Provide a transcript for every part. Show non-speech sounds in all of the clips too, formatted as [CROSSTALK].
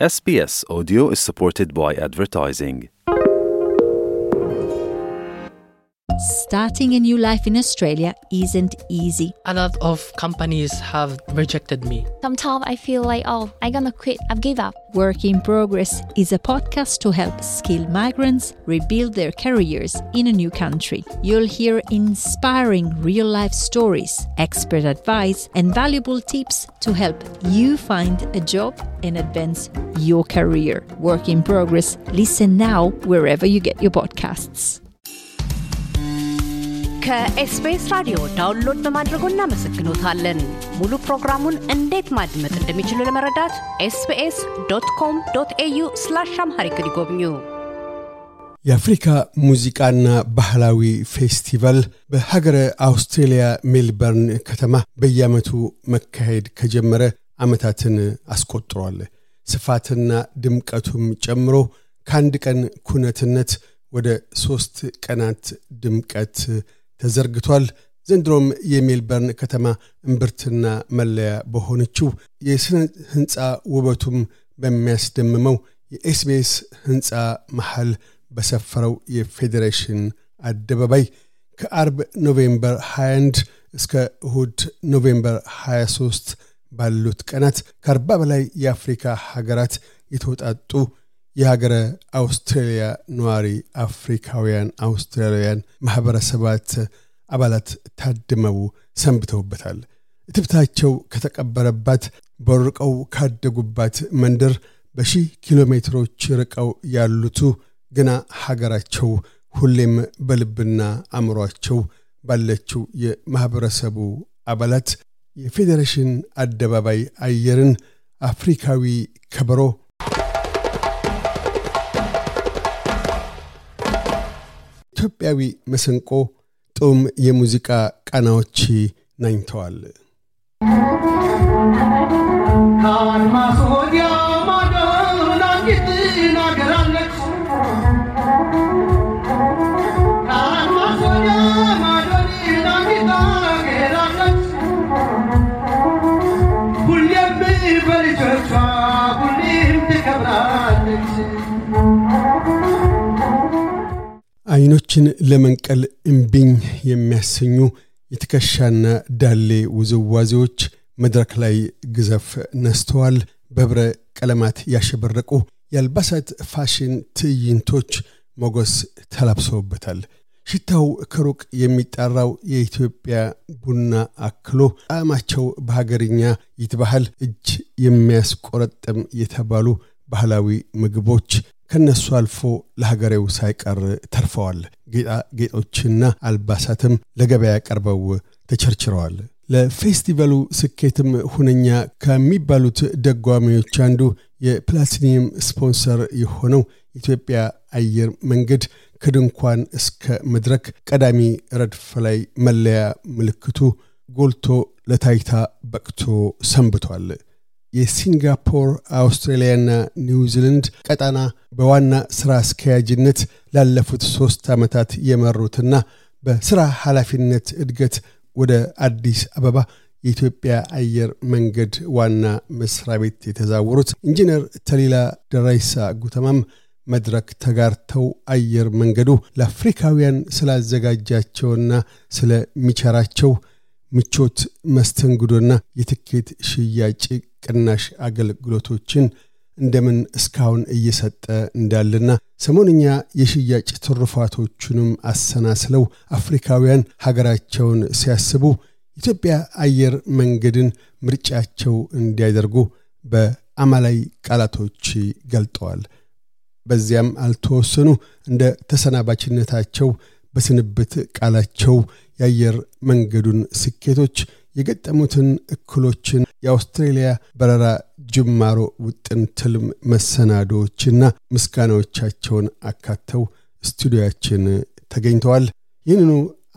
SBS Audio is supported by advertising. Starting a new life in Australia isn't easy. A lot of companies have rejected me. Sometimes I feel like, oh, I'm gonna quit, I've given up. Work in Progress is a podcast to help skilled migrants rebuild their careers in a new country. You'll hear inspiring real life stories, expert advice, and valuable tips to help you find a job and advance your career. Work in Progress, listen now wherever you get your podcasts. ከኤስቢኤስ ራዲዮ ዳውንሎድ በማድረጎ እናመሰግኖታለን። ሙሉ ፕሮግራሙን እንዴት ማድመጥ እንደሚችሉ ለመረዳት ኤስቢኤስ ዶት ኮም ዶት ኤዩ ስላሽ አምሃሪክ ይጎብኙ። የአፍሪካ ሙዚቃና ባህላዊ ፌስቲቫል በሀገረ አውስትሬልያ ሜልበርን ከተማ በየዓመቱ መካሄድ ከጀመረ ዓመታትን አስቆጥሯል። ስፋትና ድምቀቱም ጨምሮ ከአንድ ቀን ኩነትነት ወደ ሦስት ቀናት ድምቀት ተዘርግቷል። ዘንድሮም የሜልበርን ከተማ እምብርትና መለያ በሆነችው የሥነ ሕንፃ ውበቱም በሚያስደምመው የኤስቢኤስ ሕንፃ መሃል በሰፈረው የፌዴሬሽን አደባባይ ከአርብ ኖቬምበር 21 እስከ እሁድ ኖቬምበር 23 ባሉት ቀናት ከአርባ በላይ የአፍሪካ ሀገራት የተውጣጡ የሀገረ አውስትሬልያ ነዋሪ አፍሪካውያን አውስትራሊያውያን ማኅበረሰባት አባላት ታድመው ሰንብተውበታል። እትብታቸው ከተቀበረባት በርቀው ካደጉባት መንደር በሺህ ኪሎ ሜትሮች ርቀው ያሉቱ ግና ሀገራቸው ሁሌም በልብና አእምሯቸው ባለችው የማኅበረሰቡ አባላት የፌዴሬሽን አደባባይ አየርን አፍሪካዊ ከበሮ ኢትዮጵያዊ መሰንቆ ጡም የሙዚቃ ቃናዎች ናኝተዋል። አይኖችን ለመንቀል እምቢኝ የሚያሰኙ የትከሻና ዳሌ ውዝዋዜዎች መድረክ ላይ ግዘፍ ነስተዋል። በብረ ቀለማት ያሸበረቁ የአልባሳት ፋሽን ትዕይንቶች ሞገስ ተላብሰውበታል። ሽታው ከሩቅ የሚጣራው የኢትዮጵያ ቡና አክሎ ጣዕማቸው በሀገርኛ ይትባህል እጅ የሚያስቆረጥም የተባሉ ባህላዊ ምግቦች ከነሱ አልፎ ለሀገሬው ሳይቀር ተርፈዋል። ጌጣጌጦችና አልባሳትም ለገበያ ቀርበው ተቸርችረዋል። ለፌስቲቫሉ ስኬትም ሁነኛ ከሚባሉት ደጓሚዎች አንዱ የፕላቲኒየም ስፖንሰር የሆነው ኢትዮጵያ አየር መንገድ ከድንኳን እስከ መድረክ ቀዳሚ ረድፍ ላይ መለያ ምልክቱ ጎልቶ ለታይታ በቅቶ ሰንብቷል። የሲንጋፖር አውስትራሊያና ኒውዚላንድ ቀጠና በዋና ስራ አስኪያጅነት ላለፉት ሶስት ዓመታት የመሩትና በስራ ኃላፊነት እድገት ወደ አዲስ አበባ የኢትዮጵያ አየር መንገድ ዋና መስሪያ ቤት የተዛወሩት ኢንጂነር ተሊላ ደራይሳ ጉተማም መድረክ ተጋርተው አየር መንገዱ ለአፍሪካውያን ስላዘጋጃቸውና ስለሚቸራቸው ምቾት መስተንግዶና የትኬት ሽያጭ ቅናሽ አገልግሎቶችን እንደምን እስካሁን እየሰጠ እንዳለና ሰሞንኛ የሽያጭ ትርፋቶቹንም አሰናስለው አፍሪካውያን ሀገራቸውን ሲያስቡ ኢትዮጵያ አየር መንገድን ምርጫቸው እንዲያደርጉ በአማላይ ቃላቶች ገልጠዋል። በዚያም አልተወሰኑ እንደ ተሰናባችነታቸው በስንብት ቃላቸው የአየር መንገዱን ስኬቶች የገጠሙትን እክሎችን፣ የአውስትሬልያ በረራ ጅማሮ ውጥን፣ ትልም፣ መሰናዶዎችና ምስጋናዎቻቸውን አካተው ስቱዲዮያችን ተገኝተዋል። ይህንኑ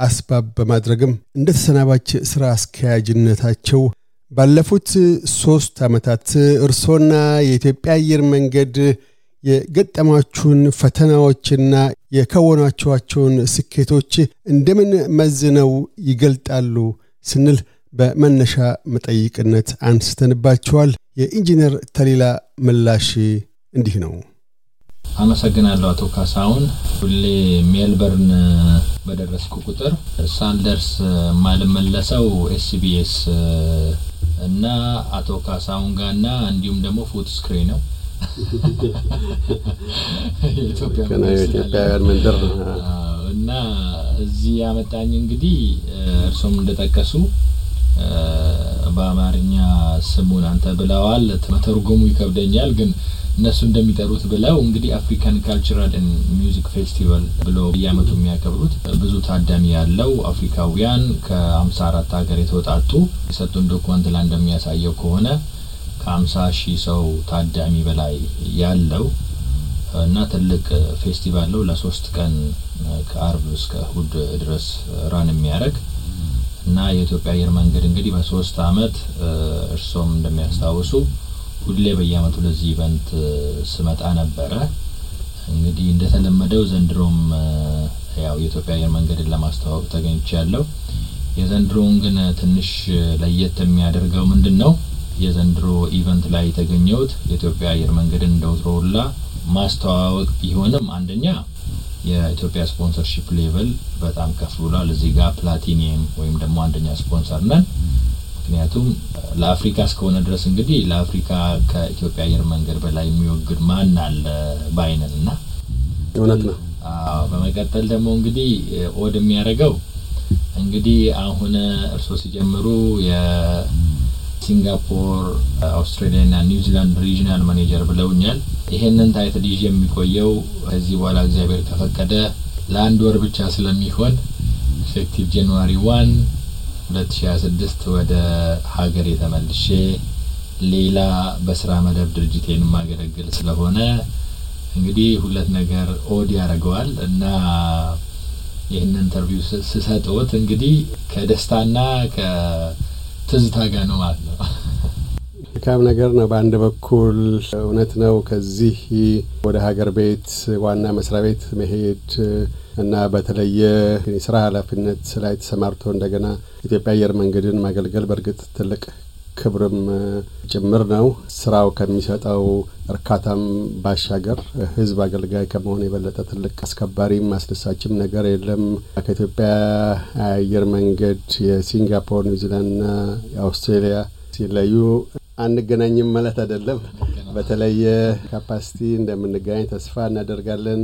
አስባብ በማድረግም እንደ ተሰናባች ሥራ አስኪያጅነታቸው ባለፉት ሦስት ዓመታት እርሶና የኢትዮጵያ አየር መንገድ የገጠማችሁን ፈተናዎችና የከወናችኋቸውን ስኬቶች እንደምን መዝነው ይገልጣሉ ስንል በመነሻ መጠይቅነት አንስተንባቸዋል። የኢንጂነር ተሌላ ምላሽ እንዲህ ነው። አመሰግናለሁ አቶ ካሳሁን። ሁሌ ሜልበርን በደረስኩ ቁጥር ሳልደርስ ማልመለሰው ኤስቢኤስ እና አቶ ካሳሁን ጋና እንዲሁም ደግሞ ፉት ስክሬ ነው የኢትዮጵያውያን መንደር እና እዚህ ያመጣኝ እንግዲህ እርሶም እንደጠቀሱ በአማርኛ ስሙን አንተ ብለዋል። መተርጎሙ ይከብደኛል ግን እነሱ እንደሚጠሩት ብለው እንግዲህ አፍሪካን ካልቸራል ሚውዚክ ፌስቲቫል ብሎ እያመቱ የሚያከብሩት ብዙ ታዳሚ ያለው አፍሪካውያን ከአምሳ አራት ሀገር የተወጣጡ የሰጡን ዶክመንት ላይ እንደሚያሳየው ከሆነ ከአምሳ ሺህ ሰው ታዳሚ በላይ ያለው እና ትልቅ ፌስቲቫል ነው። ለሶስት ቀን ከአርብ እስከ እሁድ ድረስ ራን የሚያደርግ እና የኢትዮጵያ አየር መንገድ እንግዲህ በሶስት አመት እርሶም እንደሚያስታውሱ ሁሌ በየአመቱ ለዚህ ኢቨንት ስመጣ ነበረ። እንግዲህ እንደተለመደው ዘንድሮም ያው የኢትዮጵያ አየር መንገድን ለማስተዋወቅ ተገኝቻለሁ። የዘንድሮውን ግን ትንሽ ለየት የሚያደርገው ምንድን ነው? የዘንድሮ ኢቨንት ላይ የተገኘሁት የኢትዮጵያ አየር መንገድን እንደወትሮው ሁላ ማስተዋወቅ ቢሆንም አንደኛ የኢትዮጵያ ስፖንሰርሺፕ ሌቭል በጣም ከፍ ብሏል። እዚህ ጋር ፕላቲኒየም ወይም ደግሞ አንደኛ ስፖንሰር ነን። ምክንያቱም ለአፍሪካ እስከሆነ ድረስ እንግዲህ ለአፍሪካ ከኢትዮጵያ አየር መንገድ በላይ የሚወግድ ማን አለ ባይነን እና እውነት ነው። በመቀጠል ደግሞ እንግዲህ ኦድ የሚያደርገው እንግዲህ አሁን እርስዎ ሲጀምሩ ሲንጋፖር፣ አውስትራሊያ ና ኒውዚላንድ ሪጂናል ማኔጀር ብለውኛል። ይሄንን ታይትል ይዤ የሚቆየው ከዚህ በኋላ እግዚአብሔር ከፈቀደ ለአንድ ወር ብቻ ስለሚሆን ኢፌክቲቭ ጃንዋሪ ዋን 2026 ወደ ሀገር የተመልሼ ሌላ በስራ መደብ ድርጅቴን የማገለግል ስለሆነ እንግዲህ ሁለት ነገር ኦድ ያደርገዋል እና ይህንን ኢንተርቪው ስሰጥዎት እንግዲህ ከደስታና ከ ትዝታ ጋር ነው ማለት ነው። መልካም ነገር ነው። በአንድ በኩል እውነት ነው። ከዚህ ወደ ሀገር ቤት ዋና መስሪያ ቤት መሄድ እና በተለየ የስራ ኃላፊነት ላይ ተሰማርቶ እንደገና ኢትዮጵያ አየር መንገድን ማገልገል በእርግጥ ትልቅ ክብርም ጭምር ነው። ስራው ከሚሰጠው እርካታም ባሻገር ህዝብ አገልጋይ ከመሆን የበለጠ ትልቅ አስከባሪም አስደሳችም ነገር የለም። ከኢትዮጵያ አየር መንገድ የሲንጋፖር፣ ኒውዚላንድና የአውስትሬሊያ ሲለዩ አንገናኝም ማለት አይደለም። በተለየ ካፓሲቲ እንደምንገናኝ ተስፋ እናደርጋለን።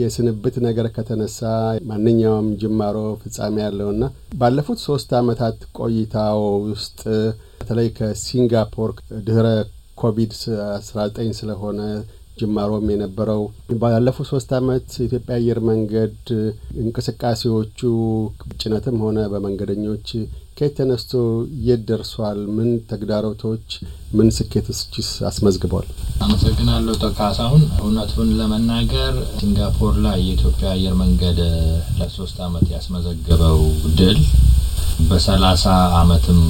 የስንብት ነገር ከተነሳ ማንኛውም ጅማሮ ፍጻሜ ያለውና ባለፉት ሶስት አመታት ቆይታ ውስጥ በተለይ ከሲንጋፖር ድህረ ኮቪድ 19 ስለሆነ ጅማሮም የነበረው ባለፉት ሶስት ዓመት የኢትዮጵያ አየር መንገድ እንቅስቃሴዎቹ ጭነትም ሆነ በመንገደኞች ከየት ተነስቶ የት ደርሷል? ምን ተግዳሮቶች፣ ምን ስኬቶችስ አስመዝግቧል? አመሰግናለሁ ካሳሁን። እውነቱን ለመናገር ሲንጋፖር ላይ የኢትዮጵያ አየር መንገድ ለሶስት ዓመት ያስመዘገበው ድል በሰላሳ ዓመትም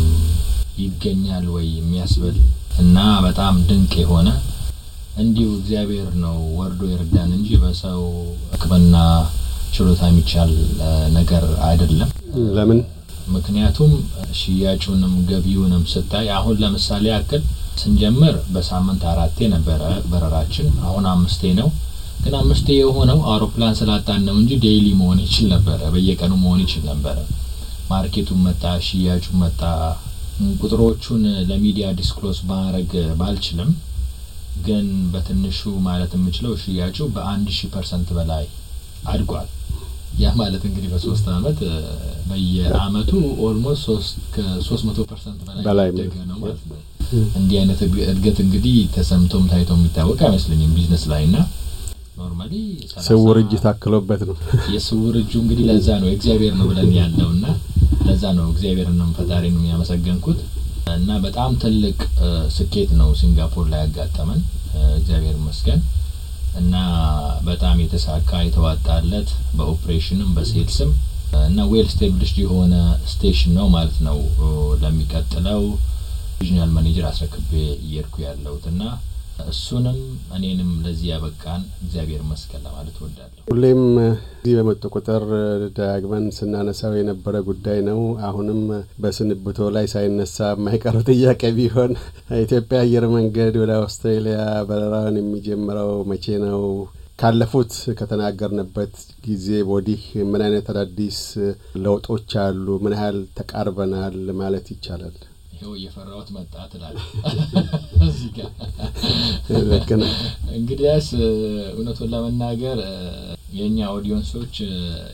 ይገኛል ወይ የሚያስብል እና በጣም ድንቅ የሆነ እንዲሁ እግዚአብሔር ነው ወርዶ ይርዳን እንጂ በሰው ሕክምና ችሎታ የሚቻል ነገር አይደለም። ለምን? ምክንያቱም ሽያጩንም ገቢውንም ስታይ አሁን ለምሳሌ ያክል ስንጀምር በሳምንት አራቴ ነበረ በረራችን። አሁን አምስቴ ነው። ግን አምስቴ የሆነው አውሮፕላን ስላጣን ነው እንጂ ዴይሊ መሆን ይችል ነበረ፣ በየቀኑ መሆን ይችል ነበረ። ማርኬቱ መጣ፣ ሽያጩ መጣ፣ ቁጥሮቹን ለሚዲያ ዲስክሎስ ማድረግ ባልችልም ግን በትንሹ ማለት የምችለው ሽያጩ በአንድ ሺህ ፐርሰንት በላይ አድጓል። ያ ማለት እንግዲህ በሶስት አመት በየአመቱ ኦልሞስት ከ ከሶስት መቶ ፐርሰንት በላይ ነው ማለት ነው። እንዲህ አይነት እድገት እንግዲህ ተሰምቶም ታይቶ የሚታወቅ አይመስለኝም ቢዝነስ ላይ እና ኖርማሊ ስውር እጅ ታክሎበት ነው። የስውር እጁ እንግዲህ ለዛ ነው እግዚአብሔር ነው ብለን ያለው እና ለዛ ነው እግዚአብሔርንም ነው ፈጣሪን ያመሰገንኩት እና በጣም ትልቅ ስኬት ነው ሲንጋፖር ላይ ያጋጠመን። እግዚአብሔር ይመስገን እና በጣም የተሳካ የተዋጣለት በኦፕሬሽንም በሴልስም እና ዌል ስቴብልሽድ የሆነ ስቴሽን ነው ማለት ነው። ለሚቀጥለው ሪጅናል ማኔጀር አስረክቤ እየሄድኩ ያለሁት እና እሱንም እኔንም ለዚህ ያበቃን እግዚአብሔር ይመስገን ለማለት ወዳለሁ። ሁሌም እዚህ በመጡ ቁጥር ዳግመን ስናነሳው የነበረ ጉዳይ ነው። አሁንም በስንብቶ ላይ ሳይነሳ የማይቀሩ ጥያቄ ቢሆን ኢትዮጵያ አየር መንገድ ወደ አውስትራሊያ በረራውን የሚጀምረው መቼ ነው? ካለፉት ከተናገርንበት ጊዜ ወዲህ ምን አይነት አዳዲስ ለውጦች አሉ? ምን ያህል ተቃርበናል ማለት ይቻላል? ይኸው እየፈራሁት መጣ ትላል። [LAUGHS] እዚህ ጋር እንግዲያስ እውነቱን ለመናገር የእኛ ኦዲየንሶች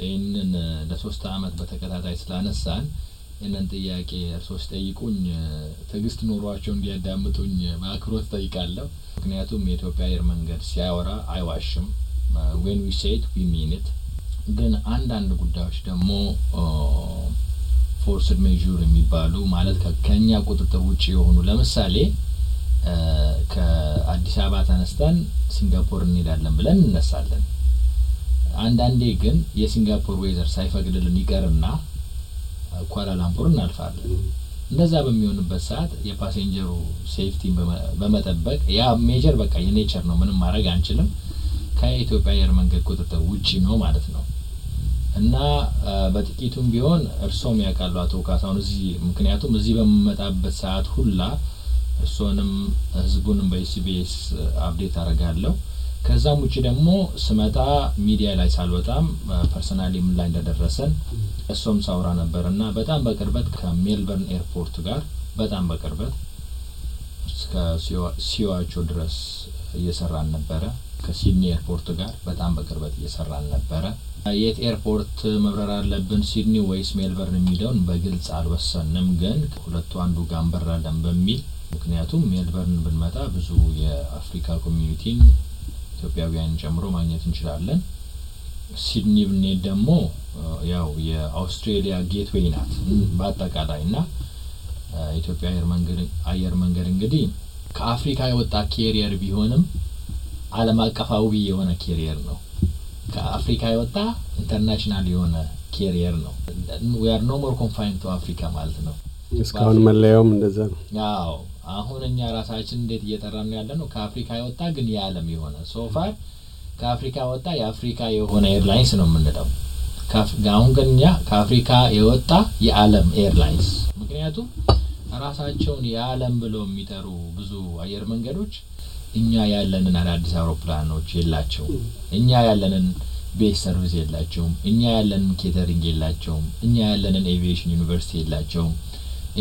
ይህንን ለሶስት አመት በተከታታይ ስላነሳን ይህንን ጥያቄ እርስዎ ሲጠይቁኝ ትዕግስት ኑሯቸው እንዲያዳምጡኝ በአክብሮት ጠይቃለሁ። ምክንያቱም የኢትዮጵያ አየር መንገድ ሲያወራ አይዋሽም። ዌን ዊ ሴት ዊ ሚን ኢት። ግን አንዳንድ ጉዳዮች ደግሞ uh, ፎርስድ ሜዥር የሚባሉ ማለት ከኛ ቁጥጥር ውጭ የሆኑ ለምሳሌ ከአዲስ አበባ ተነስተን ሲንጋፖር እንሄዳለን ብለን እንነሳለን። አንዳንዴ ግን የሲንጋፖር ዌዘር ሳይፈቅድልን ይቀርና ኳላላምፖር እናልፋለን። እንደዛ በሚሆንበት ሰዓት የፓሴንጀሩ ሴፍቲን በመጠበቅ ያ ሜጀር በቃ የኔቸር ነው፣ ምንም ማድረግ አንችልም። ከኢትዮጵያ አየር መንገድ ቁጥጥር ውጪ ነው ማለት ነው። እና በጥቂቱም ቢሆን እርሶም ያውቃሉ አቶ ካሳሁን እዚህ ምክንያቱም እዚህ በምመጣበት ሰዓት ሁላ እርሶንም ህዝቡንም በኢሲቢኤስ አብዴት አደርጋለሁ። ከዛም ውጭ ደግሞ ስመጣ ሚዲያ ላይ ሳልወጣም ፐርሰናሊ ምን ላይ እንደደረሰን እሶም ሳውራ ነበር እና በጣም በቅርበት ከሜልበርን ኤርፖርት ጋር በጣም በቅርበት እስከ ሲዋቾ ድረስ እየሰራን ነበረ። ከሲድኒ ኤርፖርት ጋር በጣም በቅርበት እየሰራን ነበረ። የት ኤርፖርት መብረር አለብን ሲድኒ ወይስ ሜልበርን የሚለውን በግልጽ አልወሰንም፣ ግን ሁለቱ አንዱ ጋር እንበራለን በሚል ምክንያቱም ሜልበርን ብንመጣ ብዙ የአፍሪካ ኮሚኒቲን ኢትዮጵያውያን ጨምሮ ማግኘት እንችላለን። ሲድኒ ብንሄድ ደግሞ ያው የአውስትሬሊያ ጌትዌይ ናት በአጠቃላይ እና ኢትዮጵያ አየር መንገድ እንግዲህ ከአፍሪካ የወጣ ኬሪየር ቢሆንም ዓለም አቀፋዊ የሆነ ኬሪየር ነው። ከአፍሪካ የወጣ ኢንተርናሽናል የሆነ ኬሪየር ነው። ያር ኖ ሞር ኮንፋይን ቱ አፍሪካ ማለት ነው። እስካሁን መለያውም እንደዛ ነው። አዎ አሁን እኛ ራሳችን እንዴት እየጠራ ነው ያለ ነው። ከአፍሪካ የወጣ ግን የዓለም የሆነ ሶፋር ከአፍሪካ ወጣ የአፍሪካ የሆነ ኤርላይንስ ነው የምንለው። አሁን ግን እኛ ከአፍሪካ የወጣ የዓለም ኤርላይንስ ምክንያቱም ራሳቸውን የዓለም ብለው የሚጠሩ ብዙ አየር መንገዶች እኛ ያለንን አዳዲስ አውሮፕላኖች የላቸውም። እኛ ያለንን ቤስ ሰርቪስ የላቸውም። እኛ ያለንን ኬተሪንግ የላቸውም። እኛ ያለንን ኤቪዬሽን ዩኒቨርሲቲ የላቸውም።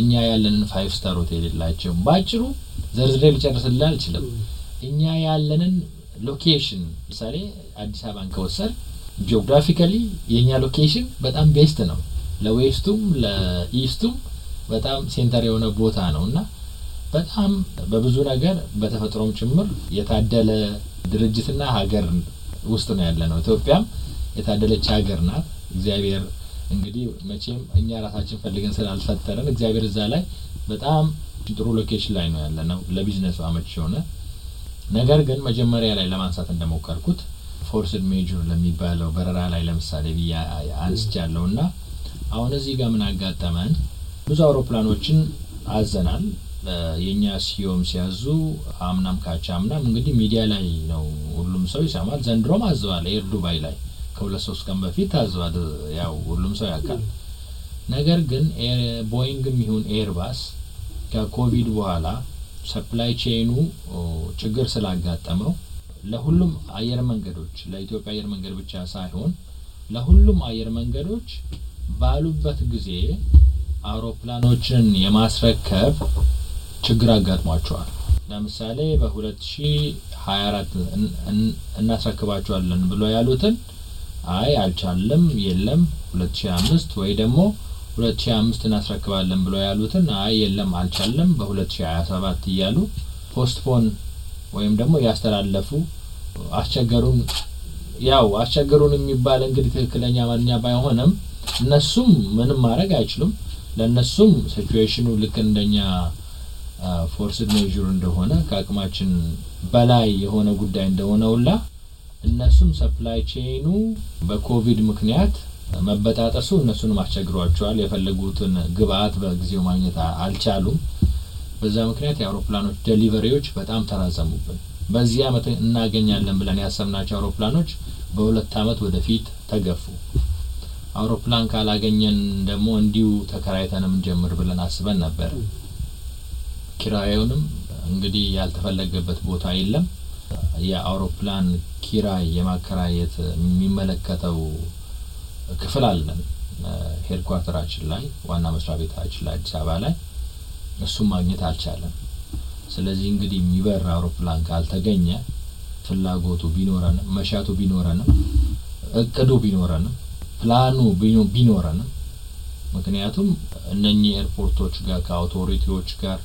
እኛ ያለንን ፋይቭ ስታር ሆቴል የላቸውም። በአጭሩ ዘርዝሬ ልጨርስልህ አልችልም። እኛ ያለንን ሎኬሽን ምሳሌ አዲስ አበባን ከወሰድ ጂኦግራፊካሊ የእኛ ሎኬሽን በጣም ቤስት ነው። ለዌስቱም ለኢስቱም በጣም ሴንተር የሆነ ቦታ ነው እና በጣም በብዙ ነገር በተፈጥሮም ጭምር የታደለ ድርጅትና ሀገር ውስጥ ነው ያለ ነው። ኢትዮጵያም የታደለች ሀገር ናት። እግዚአብሔር እንግዲህ መቼም እኛ ራሳችን ፈልገን ስላልፈጠረን እግዚአብሔር እዛ ላይ በጣም ጥሩ ሎኬሽን ላይ ነው ያለ ነው፣ ለቢዝነሱ አመች የሆነ ነገር ግን መጀመሪያ ላይ ለማንሳት እንደሞከርኩት ፎርስድ ሜጆር ለሚባለው በረራ ላይ ለምሳሌ ብዬ አንስቻለሁ እና አሁን እዚህ ጋር ምን አጋጠመን? ብዙ አውሮፕላኖችን አዘናል። የእኛ ሲዮም ሲያዙ አምናም ካቻ አምናም እንግዲህ ሚዲያ ላይ ነው ሁሉም ሰው ይሰማል። ዘንድሮም አዘዋል። ኤር ዱባይ ላይ ከሁለት ሶስት ቀን በፊት አዘዋል። ያው ሁሉም ሰው ያውቃል። ነገር ግን ቦይንግም ይሁን ኤርባስ ከኮቪድ በኋላ ሰፕላይ ቼኑ ችግር ስላጋጠመው ለሁሉም አየር መንገዶች ለኢትዮጵያ አየር መንገድ ብቻ ሳይሆን ለሁሉም አየር መንገዶች ባሉበት ጊዜ አውሮፕላኖችን የማስረከብ ችግር አጋጥሟቸዋል። ለምሳሌ በ2024 እናስረክባቸዋለን ብሎ ያሉትን አይ አልቻልም የለም 2025 ወይ ደግሞ 2025 እናስረክባለን ብሎ ያሉትን አይ የለም አልቻልም በ2027 እያሉ ፖስትፖን ወይም ደግሞ ያስተላለፉ አስቸገሩን። ያው አስቸገሩን የሚባል እንግዲህ ትክክለኛ ማንኛ ባይሆንም እነሱም ምንም ማድረግ አይችሉም። ለእነሱም ሲቹዌሽኑ ልክ እንደኛ ፎርስድ ሜዥር እንደሆነ ከአቅማችን በላይ የሆነ ጉዳይ እንደሆነ ሁላ እነሱም ሰፕላይ ቼኑ በኮቪድ ምክንያት መበጣጠሱ እነሱንም አስቸግሯቸዋል። የፈለጉትን ግብአት በጊዜው ማግኘት አልቻሉም። በዛ ምክንያት የአውሮፕላኖች ደሊቨሪዎች በጣም ተራዘሙብን። በዚህ ዓመት እናገኛለን ብለን ያሰብናቸው አውሮፕላኖች በሁለት ዓመት ወደፊት ተገፉ። አውሮፕላን ካላገኘን ደግሞ እንዲሁ ተከራይተንም ምንጀምር ብለን አስበን ነበር። ኪራዩንም እንግዲህ ያልተፈለገበት ቦታ የለም። የአውሮፕላን ኪራይ የማከራየት የሚመለከተው ክፍል አለን ሄድኳርተራችን ላይ ዋና መስሪያ ቤታችን ላይ አዲስ አበባ ላይ እሱም ማግኘት አልቻለም። ስለዚህ እንግዲህ የሚበር አውሮፕላን ካልተገኘ ፍላጎቱ ቢኖረንም መሻቱ ቢኖረንም እቅዱ ቢኖረንም ፕላኑ ቢኖረንም ምክንያቱም እነኚህ ኤርፖርቶች ጋር ከአውቶሪቲዎች ጋር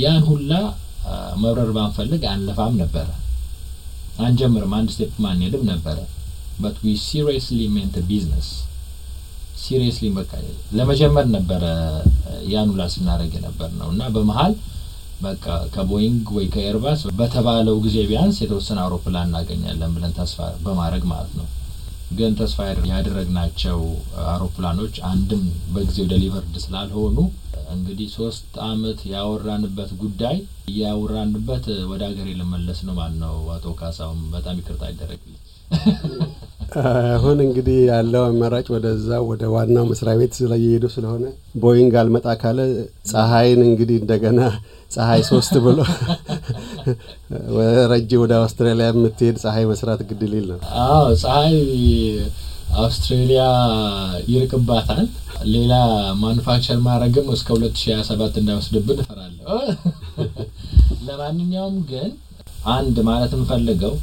ያን ሁላ መብረር ባንፈልግ አንለፋም ነበረ፣ አንጀምርም፣ አንድ ስቴፕ አንሄድም ነበረ። በት ዊ ሲሪየስሊ ሜንት ቢዝነስ ሲሪየስሊ በቃ ለመጀመር ነበረ ያን ሁላ ስናደርግ ነበር ነው እና በመሀል በቃ ከቦይንግ ወይ ከኤርባስ በተባለው ጊዜ ቢያንስ የተወሰነ አውሮፕላን እናገኛለን ብለን ተስፋ በማድረግ ማለት ነው። ግን ተስፋ ያደረግናቸው አውሮፕላኖች አንድም በጊዜው ደሊቨርድ ስላልሆኑ እንግዲህ ሶስት አመት ያወራንበት ጉዳይ እያወራንበት ወደ ሀገር የለመለስ ነው። ማን ነው አቶ ካሳውም በጣም ይቅርታ አይደረግልኝ። አሁን እንግዲህ ያለው አማራጭ ወደዛ ወደ ዋናው መስሪያ ቤት ስለየሄዱ ስለሆነ ቦይንግ አልመጣ ካለ ፀሐይን እንግዲህ እንደገና ፀሐይ ሶስት ብሎ ረጅ ወደ አውስትራሊያ የምትሄድ ፀሐይ መስራት ግድል ይል ነው። አዎ ፀሐይ አውስትሬሊያ ይርቅባታል። ሌላ ማኑፋክቸር ማድረግም እስከ 2027 እንዳይወስድብን እፈራለሁ። [LAUGHS] ለማንኛውም ግን አንድ ማለት የምፈልገው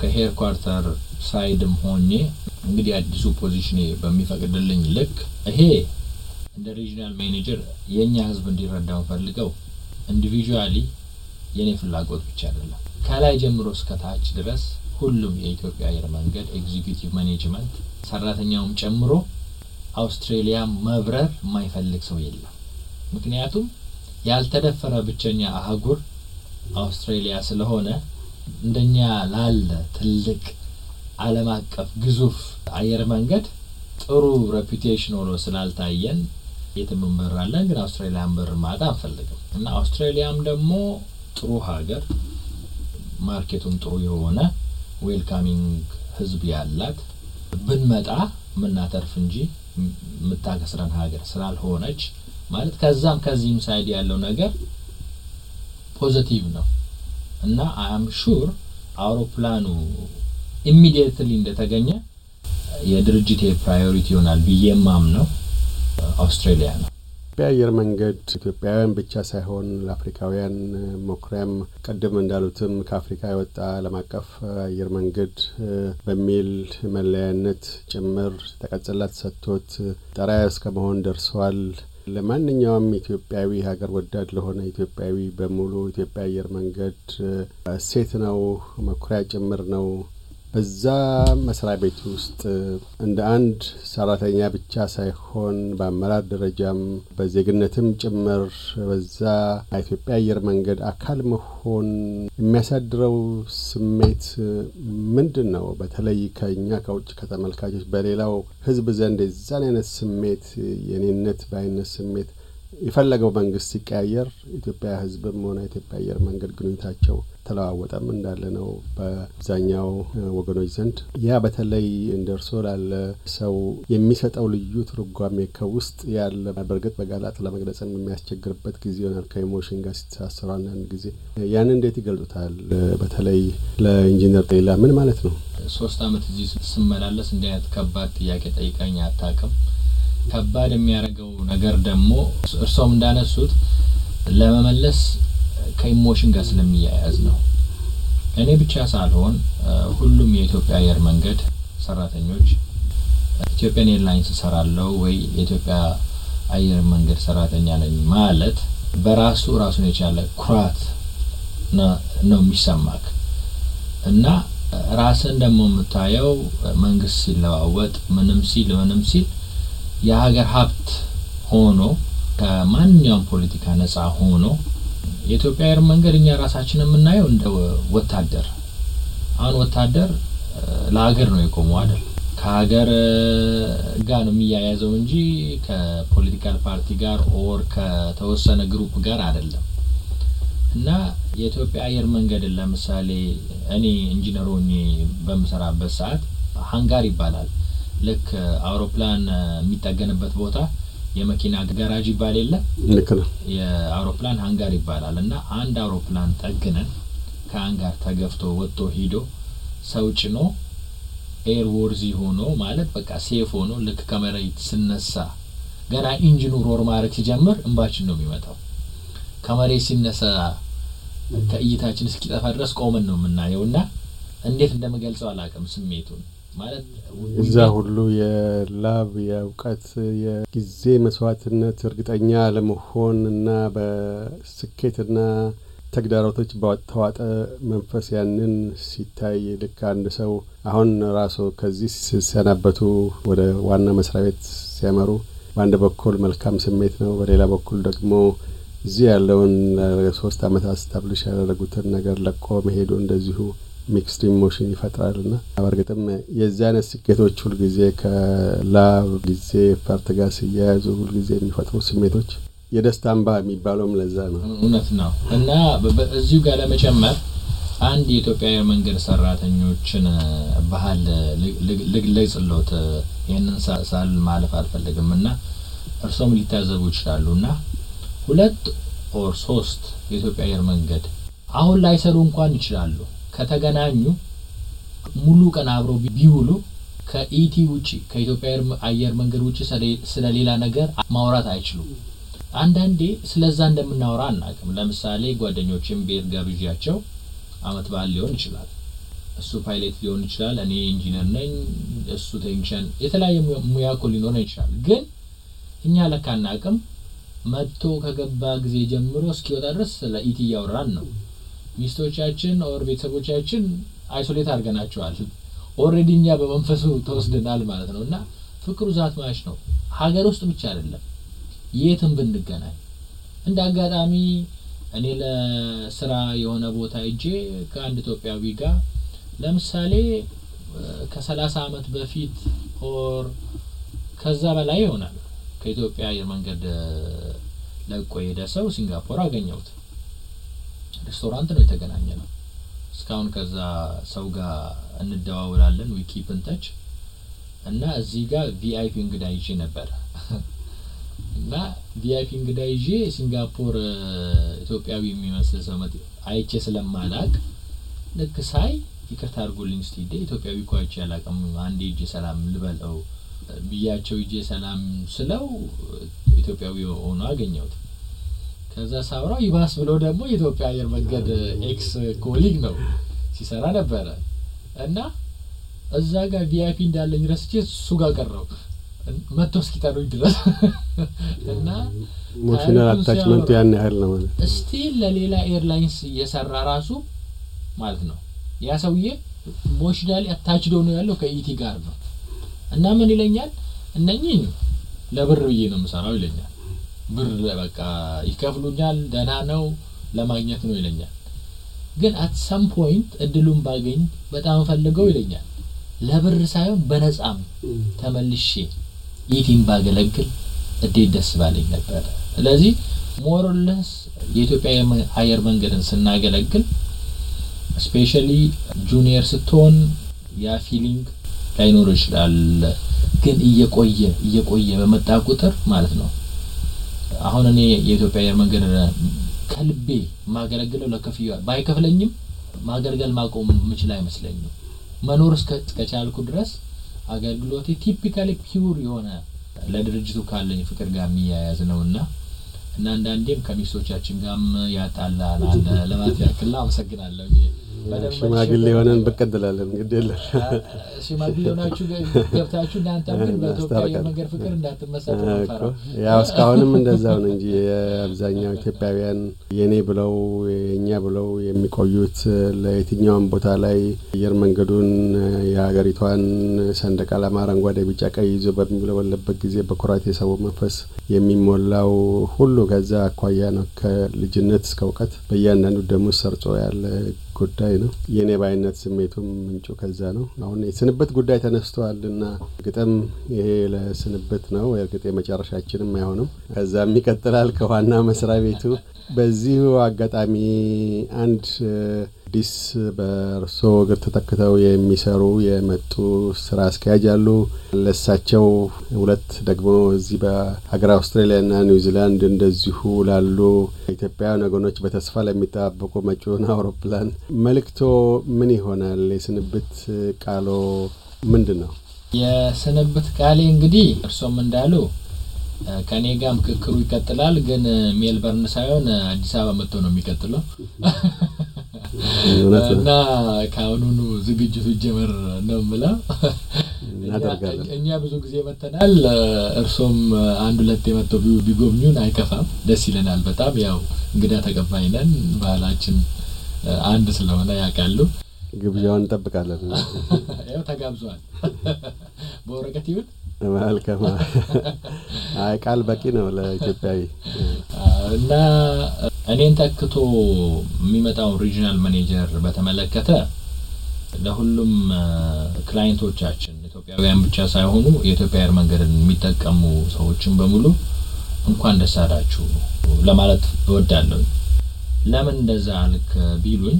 ከሄርኳርተር ሳይድም ሆኜ እንግዲህ አዲሱ ፖዚሽኔ በሚፈቅድልኝ ልክ ይሄ እንደ ሪጂናል ሜኔጀር የእኛ ህዝብ እንዲረዳው ፈልገው ኢንዲቪዥዋሊ የእኔ ፍላጎት ብቻ አይደለም ከላይ ጀምሮ እስከ ታች ድረስ ሁሉም የኢትዮጵያ አየር መንገድ ኤግዚኪቲቭ ማኔጅመንት ሰራተኛውም ጨምሮ አውስትሬሊያ መብረር የማይፈልግ ሰው የለም። ምክንያቱም ያልተደፈረ ብቸኛ አህጉር አውስትሬሊያ ስለሆነ እንደኛ ላለ ትልቅ ዓለም አቀፍ ግዙፍ አየር መንገድ ጥሩ ሬፒቴሽን ሆኖ ስላልታየን የትም እንበራለን፣ ግን አውስትራሊያን ብር ማጣ አንፈልግም እና አውስትራሊያም ደግሞ ጥሩ ሀገር ማርኬቱም ጥሩ የሆነ ዌልካሚንግ ህዝብ ያላት ብንመጣ ምናተርፍ እንጂ የምታከስረን ሀገር ስላልሆነች ማለት ከዛም ከዚህም ሳይድ ያለው ነገር ፖዘቲቭ ነው እና አም ሹር አውሮፕላኑ ኢሚዲየትሊ እንደተገኘ የድርጅት የፕራዮሪቲ ይሆናል ብዬ ማም ነው አውስትራሊያ ነው። ኢትዮጵያ አየር መንገድ ኢትዮጵያውያን ብቻ ሳይሆን ለአፍሪካውያን መኩሪያም ቀደም እንዳሉትም ከአፍሪካ የወጣ ዓለም አቀፍ አየር መንገድ በሚል መለያነት ጭምር ተቀጽላ ተሰጥቶት ጠራያ እስከ መሆን ደርሷል። ለማንኛውም ኢትዮጵያዊ ሀገር ወዳድ ለሆነ ኢትዮጵያዊ በሙሉ ኢትዮጵያ አየር መንገድ እሴት ነው፣ መኩሪያ ጭምር ነው። እዛ መስሪያ ቤት ውስጥ እንደ አንድ ሰራተኛ ብቻ ሳይሆን በአመራር ደረጃም በዜግነትም ጭምር በዛ ኢትዮጵያ አየር መንገድ አካል መሆን የሚያሳድረው ስሜት ምንድን ነው? በተለይ ከኛ ከውጭ ከተመልካቾች በሌላው ሕዝብ ዘንድ የዛን አይነት ስሜት የኔነት በአይነት ስሜት የፈለገው መንግስት ሲቀያየር ኢትዮጵያ ሕዝብም ሆነ ኢትዮጵያ አየር መንገድ ግንኙታቸው እየተለዋወጠም እንዳለ ነው በአብዛኛው ወገኖች ዘንድ። ያ በተለይ እንደ እርሶ ላለ ሰው የሚሰጠው ልዩ ትርጓሜ ከውስጥ ያለ በእርግጥ በቃላት ለመግለጽ የሚያስቸግርበት ጊዜ ይሆናል። ከኢሞሽን ጋር ሲተሳሰሩ አንዳንድ ጊዜ ያን እንዴት ይገልጹታል? በተለይ ለኢንጂነር ሌላ ምን ማለት ነው? ሶስት አመት እዚህ ስመላለስ እንዲህ አይነት ከባድ ጥያቄ ጠይቀኝ አታውቅም። ከባድ የሚያደርገው ነገር ደግሞ እርሶም እንዳነሱት ለመመለስ ከኢሞሽን ጋር ስለሚያያዝ ነው። እኔ ብቻ ሳልሆን ሁሉም የኢትዮጵያ አየር መንገድ ሰራተኞች ኢትዮጵያን ኤርላይንስ እሰራለሁ ወይ የኢትዮጵያ አየር መንገድ ሰራተኛ ነኝ ማለት በራሱ ራሱን የቻለ ኩራት ነው የሚሰማክ እና ራስን ደግሞ የምታየው መንግስት ሲለዋወጥ ምንም ሲል ምንም ሲል የሀገር ሀብት ሆኖ ከማንኛውም ፖለቲካ ነጻ ሆኖ የኢትዮጵያ አየር መንገድ እኛ ራሳችን የምናየው እንደ ወታደር አሁን ወታደር ለሀገር ነው የቆመው አይደል? ከሀገር ጋር ነው የሚያያዘው እንጂ ከፖለቲካል ፓርቲ ጋር ኦር ከተወሰነ ግሩፕ ጋር አይደለም። እና የኢትዮጵያ አየር መንገድን ለምሳሌ እኔ ኢንጂነሮ በምሰራበት ሰዓት ሀንጋር ይባላል። ልክ አውሮፕላን የሚጠገንበት ቦታ የመኪና ጋራጅ ይባል የለ ልክ ነው። የአውሮፕላን ሀንጋር ይባላል። እና አንድ አውሮፕላን ጠግነን ከሀንጋር ተገፍቶ ወጥቶ ሂዶ ሰው ጭኖ ኤር ወርዚ ሆኖ ማለት በቃ ሴፍ ሆኖ ልክ ከመሬት ስነሳ ገና ኢንጂኑ ሮር ማድረግ ሲጀምር እንባችን ነው የሚመጣው። ከመሬት ሲነሳ ከእይታችን እስኪጠፋ ድረስ ቆመን ነው የምናየው እና እንዴት እንደምገልጸው አላውቅም ስሜቱን እዛ ሁሉ የላብ የእውቀት የጊዜ መስዋዕትነት እርግጠኛ ለመሆን እና በስኬትና ተግዳሮቶች በተዋጠ መንፈስ ያንን ሲታይ ልክ አንድ ሰው አሁን ራሱ ከዚህ ሲሰናበቱ ወደ ዋና መስሪያ ቤት ሲያመሩ በአንድ በኩል መልካም ስሜት ነው፣ በሌላ በኩል ደግሞ እዚህ ያለውን ለሶስት አመት አስታብልሽ ያደረጉትን ነገር ለቆ መሄዱ እንደዚሁ ሚክስድ ኢሞሽን ይፈጥራል ና በእርግጥም የዚህ አይነት ስኬቶች ሁልጊዜ ከላብ ጊዜ ፓርት ጋር ሲያያዙ ሁልጊዜ የሚፈጥሩ ስሜቶች የደስታ አምባ የሚባለውም ለዛ ነው። እውነት ነው እና እዚሁ ጋር ለመጨመር አንድ የኢትዮጵያ መንገድ ሰራተኞችን ባህል ልግለይ ጽሎት ይህንን ሳል ማለፍ አልፈልግም እና እርሶም ሊታዘቡ ይችላሉ እና ሁለት ኦር ሶስት የኢትዮጵያ አየር መንገድ አሁን ላይሰሩ እንኳን ይችላሉ ከተገናኙ ሙሉ ቀን አብሮ ቢውሉ ከኢቲ ውጭ ከኢትዮጵያ አየር መንገድ ውጭ ስለ ሌላ ነገር ማውራት አይችሉም። አንዳንዴ ስለዛ እንደምናወራ አናውቅም። ለምሳሌ ጓደኞችን ቤት ጋብዣቸው አመት በዓል ሊሆን ይችላል። እሱ ፓይለት ሊሆን ይችላል፣ እኔ ኢንጂነር ነኝ፣ እሱ ቴንሽን፣ የተለያየ ሙያ እኮ ሊኖረን ይችላል። ግን እኛ ለካ አናውቅም። መጥቶ ከገባ ጊዜ ጀምሮ እስኪወጣ ድረስ ስለ ኢቲ እያወራን ነው። ሚስቶቻችን ኦር ቤተሰቦቻችን አይሶሌት አድርገናቸዋል። ኦሬዲኛ እኛ በመንፈሱ ተወስደናል ማለት ነው። እና ፍቅሩ ዛት ማሽ ነው። ሀገር ውስጥ ብቻ አይደለም፣ የትም ብንገናኝ እንደ አጋጣሚ እኔ ለስራ የሆነ ቦታ እጄ ከአንድ ኢትዮጵያዊ ጋር ለምሳሌ ከሰላሳ አመት በፊት ኦር ከዛ በላይ ይሆናል ከኢትዮጵያ አየር መንገድ ለቆ የሄደ ሰው ሲንጋፖር አገኘሁት። ሬስቶራንት ነው የተገናኘ ነው። እስካሁን ከዛ ሰው ጋር እንደዋውላለን ዊኪፕ እንተች እና እዚህ ጋር ቪአይፒ እንግዳ ይዤ ነበር እና ቪአይፒ እንግዳ ይዤ ሲንጋፖር ኢትዮጵያዊ የሚመስል ሰው አይቼ ስለማላቅ ልክ ሳይ ይቅርታ አድርጎልኝ እስቲ እንደ ኢትዮጵያዊ እኮ አይቼ አላቅም፣ አንዴ እጄ ሰላም ልበለው ብያቸው እጄ ሰላም ስለው ኢትዮጵያዊ ሆኖ አገኘሁት። ከዛ ሳውራው ይባስ ብሎ ደግሞ የኢትዮጵያ አየር መንገድ ኤክስ ኮሊግ ነው ሲሰራ ነበረ እና እዛ ጋር ቪአይፒ እንዳለኝ ረስቼ እሱ ጋር ቀረው መጥቶ እስኪጠሩኝ ድረስ [LAUGHS] እና ኢሞሽናል ያን ያህል ነው ማለት ለሌላ ኤርላይንስ እየሰራ ራሱ ማለት ነው ያ ሰውዬ ሞሽናል አታችዶ ነው ያለው ከኢቲ ጋር ነው እና ምን ይለኛል እነኚህ ለብር ብዬ ነው የምሰራው ይለኛል ብር በቃ ይከፍሉኛል፣ ደህና ነው፣ ለማግኘት ነው ይለኛል። ግን አት ሰም ፖይንት እድሉን ባገኝ በጣም ፈልገው ይለኛል። ለብር ሳይሆን በነጻም ተመልሼ ይቲን ባገለግል እንዴት ደስ ባለኝ ነበረ። ስለዚህ ሞርለስ የኢትዮጵያ አየር መንገድን ስናገለግል ስፔሻሊ ጁኒየር ስትሆን ያ ፊሊንግ ላይኖር ይችላል። ግን እየቆየ እየቆየ በመጣ ቁጥር ማለት ነው አሁን እኔ የኢትዮጵያ አየር መንገድ ከልቤ ማገለግለው ለክፍያ ባይከፍለኝም ማገልገል ማቆም ምችል አይመስለኝም። መኖር እስከቻልኩ ድረስ አገልግሎቴ ቲፒካሊ ፒውር የሆነ ለድርጅቱ ካለኝ ፍቅር ጋር የሚያያዝ ነው እና እና አንዳንዴም ከሚስቶቻችን ጋርም ያጣላል ለማለት ያክል አመሰግናለሁ። ሽማግሌ የሆነን ብቅ እንላለን። ግድ የለም ሽማግሌ ሆናችሁ ገብታችሁ እናንተ ግን በኢትዮጵያ መንገድ ፍቅር እንዳትመሰጡ ያው እስካሁንም እንደዛው ነው እንጂ የአብዛኛው ኢትዮጵያውያን የኔ ብለው የእኛ ብለው የሚቆዩት ለየትኛውም ቦታ ላይ አየር መንገዱን የሀገሪቷን ሰንደቅ ዓላማ አረንጓዴ፣ ቢጫ፣ ቀይ ይዞ በሚውለበለበት ጊዜ በኩራት የሰው መንፈስ የሚሞላው ሁሉ ከዛ አኳያ ነው። ከልጅነት እስከ እውቀት በእያንዳንዱ ደሞ ሰርጾ ያለ ጉዳይ ነው። የእኔ ባይነት ስሜቱም ምንጩ ከዛ ነው። አሁን የስንብት ጉዳይ ተነስተዋል እና ግጥም ይሄ ለስንበት ነው። እርግጥ የመጨረሻችንም አይሆንም፣ ከዛም ይቀጥላል ከዋና መስሪያ ቤቱ። በዚሁ አጋጣሚ አንድ አዲስ በእርሶ እግር ተተክተው የሚሰሩ የመጡ ስራ አስኪያጅ አሉ። ለሳቸው ሁለት ደግሞ እዚህ በሀገር አውስትራሊያና ኒውዚላንድ እንደዚሁ ላሉ ኢትዮጵያውያን ወገኖች በተስፋ ለሚጠባበቁ መጪውን አውሮፕላን መልእክቶ ምን ይሆናል? የስንብት ቃሎ ምንድን ነው? የስንብት ቃሌ እንግዲህ እርሶም እንዳሉ ከኔ ጋር ምክክሩ ይቀጥላል። ግን ሜልበርን ሳይሆን አዲስ አበባ መጥቶ ነው የሚቀጥለው። እና ከአሁኑኑ ዝግጅቱ ጀመር ነው ምላ እኛ ብዙ ጊዜ መተናል። እርሶም አንድ ሁለት የመጠው ቢጎብኙን አይከፋም፣ ደስ ይለናል በጣም ያው እንግዳ ተቀባይ ነን። ባህላችን አንድ ስለሆነ ያውቃሉ። ግብዣውን እንጠብቃለን። ያው ተጋብዟል። በወረቀት ይሁን አይ ቃል በቂ ነው ለኢትዮጵያዊ እና እኔን ተክቶ የሚመጣውን ሪጂናል ማኔጀር በተመለከተ ለሁሉም ክላይንቶቻችን ኢትዮጵያውያን ብቻ ሳይሆኑ የኢትዮጵያ አየር መንገድን የሚጠቀሙ ሰዎችን በሙሉ እንኳን ደስ አላችሁ ለማለት እወዳለሁ። ለምን እንደዛ አልክ ቢሉኝ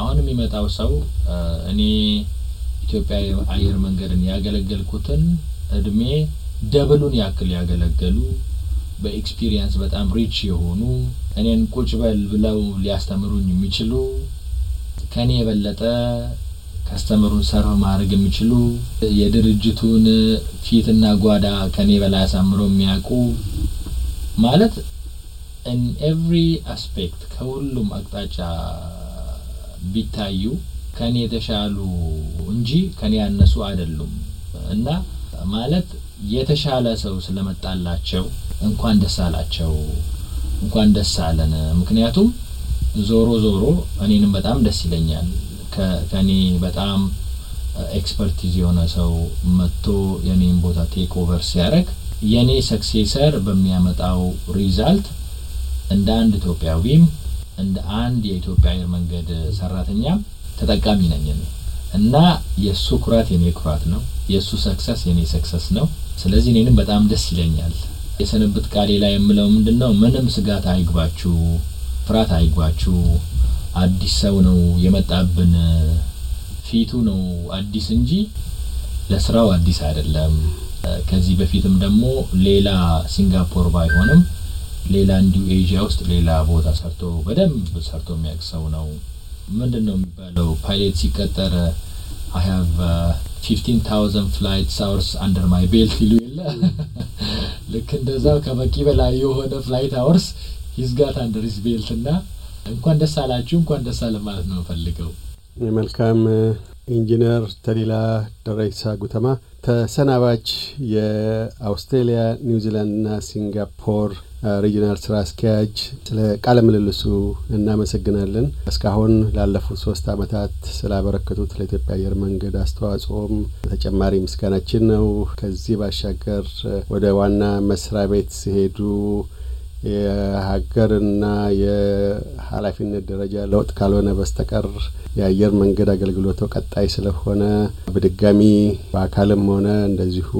አሁን የሚመጣው ሰው እኔ ኢትዮጵያ አየር መንገድን ያገለገልኩትን እድሜ ደብሉን ያክል ያገለገሉ በኤክስፒሪየንስ በጣም ሪች የሆኑ እኔን ቁጭ በል ብለው ሊያስተምሩኝ የሚችሉ ከኔ የበለጠ ከስተምሩን ሰርቭ ማድረግ የሚችሉ የድርጅቱን ፊትና ጓዳ ከኔ በላይ አሳምረው የሚያውቁ ማለት ኢን ኤቭሪ አስፔክት ከሁሉም አቅጣጫ ቢታዩ ከኔ የተሻሉ እንጂ ከኔ ያነሱ አይደሉም እና ማለት የተሻለ ሰው ስለመጣላቸው እንኳን ደስ አላቸው፣ እንኳን ደስ አለን። ምክንያቱም ዞሮ ዞሮ እኔንም በጣም ደስ ይለኛል ከኔ በጣም ኤክስፐርቲዝ የሆነ ሰው መጥቶ የኔን ቦታ ቴክ ኦቨር ሲያደርግ የኔ ሰክሴሰር በሚያመጣው ሪዛልት እንደ አንድ ኢትዮጵያዊም እንደ አንድ የኢትዮጵያ አየር መንገድ ሰራተኛም ተጠቃሚ ነኝ እና የእሱ ኩራት የኔ ኩራት ነው፣ የእሱ ሰክሰስ የኔ ሰክሰስ ነው። ስለዚህ እኔንም በጣም ደስ ይለኛል። የስንብት ቃሌ ላይ የምለው ምንድን ነው? ምንም ስጋት አይግባችሁ፣ ፍርሃት አይግባችሁ። አዲስ ሰው ነው የመጣብን፣ ፊቱ ነው አዲስ እንጂ ለስራው አዲስ አይደለም። ከዚህ በፊትም ደግሞ ሌላ ሲንጋፖር ባይሆንም ሌላ እንዲሁ ኤዥያ ውስጥ ሌላ ቦታ ሰርቶ በደንብ ሰርቶ የሚያውቅ ሰው ነው። ምንድን ነው የሚባለው ፓይሌት ሲቀጠር አይ ፊፍቲን ታውዘንድ ፍላይት ሳውርስ አንደር ማይ ቤልት ይሉ የለ [LAUGHS] ልክ እንደዛ ከበቂ በላይ የሆነ ፍላይት አወርስ ሂዝጋት አንደር ስ ቤልት እና እንኳን ደስ አላችሁ እንኳን ደስ አለ ማለት ነው ፈልገው መልካም ኢንጂነር ተሌላ ደረይሳ ጉተማ ተሰናባች የአውስትሬሊያ ና ሲንጋፖር ሪጂናል ስራ አስኪያጅ፣ ስለ ቃለ ምልልሱ እናመሰግናለን። እስካሁን ላለፉት ሶስት አመታት ስላበረከቱት ለኢትዮጵያ አየር መንገድ አስተዋጽኦም ተጨማሪ ምስጋናችን ነው። ከዚህ ባሻገር ወደ ዋና መስሪያ ቤት ሲሄዱ የሀገርና የኃላፊነት ደረጃ ለውጥ ካልሆነ በስተቀር የአየር መንገድ አገልግሎቱ ቀጣይ ስለሆነ በድጋሚ በአካልም ሆነ እንደዚሁ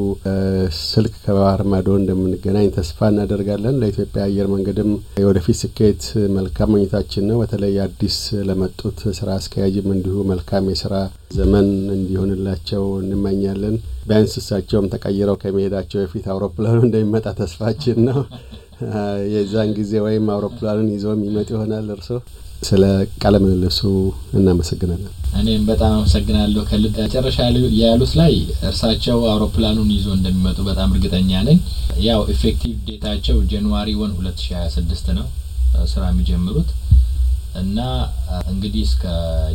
ስልክ ከባህር ማዶ እንደምንገናኝ ተስፋ እናደርጋለን። ለኢትዮጵያ አየር መንገድም የወደፊት ስኬት መልካም መኝታችን ነው። በተለይ አዲስ ለመጡት ስራ አስኪያጅም እንዲሁ መልካም የስራ ዘመን እንዲሆንላቸው እንመኛለን። ቢያንስ እሳቸውም ተቀይረው ከመሄዳቸው በፊት አውሮፕላኑ እንደሚመጣ ተስፋችን ነው። የዛን ጊዜ ወይም አውሮፕላኑን ይዘው የሚመጡ ይሆናል። እርሶ ስለ ቃለ ምልልሱ እናመሰግናለን። እኔም በጣም አመሰግናለሁ። ከልብ መጨረሻ ያሉት ላይ እርሳቸው አውሮፕላኑን ይዞ እንደሚመጡ በጣም እርግጠኛ ነኝ። ያው ኢፌክቲቭ ዴታቸው ጃንዋሪ ወን ሁለት ሺ ሀያ ስድስት ነው ስራ የሚጀምሩት እና እንግዲህ እስከ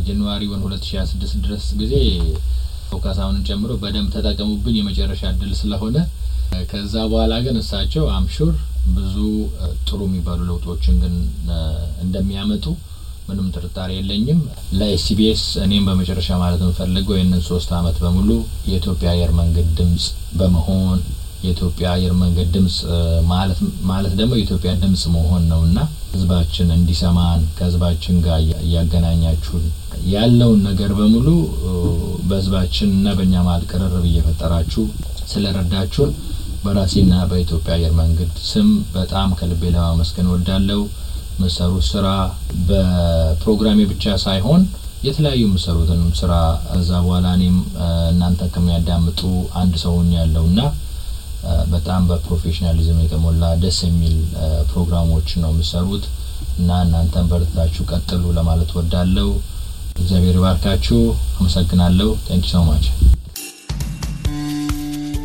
ጃንዋሪ ወን ሁለት ሺ ሀያ ስድስት ድረስ ጊዜ ፎካሳውንን ጨምሮ በደንብ ተጠቀሙብን የመጨረሻ እድል ስለሆነ ከዛ በኋላ ግን እሳቸው አምሹር ብዙ ጥሩ የሚባሉ ለውጦችን ግን እንደሚያመጡ ምንም ጥርጣሬ የለኝም። ለኤስቢኤስ እኔም በመጨረሻ ማለት የምፈልገው ይህንን ሶስት አመት በሙሉ የኢትዮጵያ አየር መንገድ ድምፅ በመሆን የኢትዮጵያ አየር መንገድ ድምፅ ማለት ደግሞ የኢትዮጵያ ድምጽ መሆን ነው እና ህዝባችን እንዲሰማን ከህዝባችን ጋር እያገናኛችሁን ያለውን ነገር በሙሉ በህዝባችን እና በእኛ መሀል ቅርርብ እየፈጠራችሁ ስለረዳችሁን በራሴና በኢትዮጵያ አየር መንገድ ስም በጣም ከልቤ ለማመስገን ወዳለው መሰሩ ስራ በፕሮግራሜ ብቻ ሳይሆን የተለያዩ የምሰሩትንም ስራ እዛ በኋላ እኔም እናንተ ከሚያዳምጡ አንድ ሰውን ያለው እና በጣም በፕሮፌሽናሊዝም የተሞላ ደስ የሚል ፕሮግራሞች ነው የምሰሩት እና እናንተን በርታችሁ ቀጥሉ ለማለት ወዳለው። እግዚአብሔር ባርካችሁ። አመሰግናለሁ። ታንኪ ሶ ማች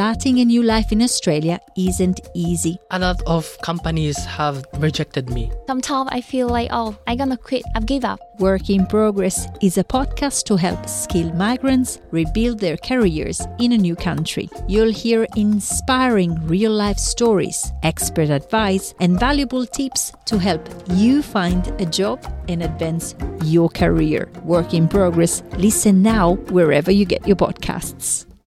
starting a new life in Australia isn't easy. A lot of companies have rejected me. Sometimes I feel like, oh, I'm gonna quit, I've given up. Work in Progress is a podcast to help skilled migrants rebuild their careers in a new country. You'll hear inspiring real life stories, expert advice, and valuable tips to help you find a job and advance your career. Work in Progress. Listen now wherever you get your podcasts.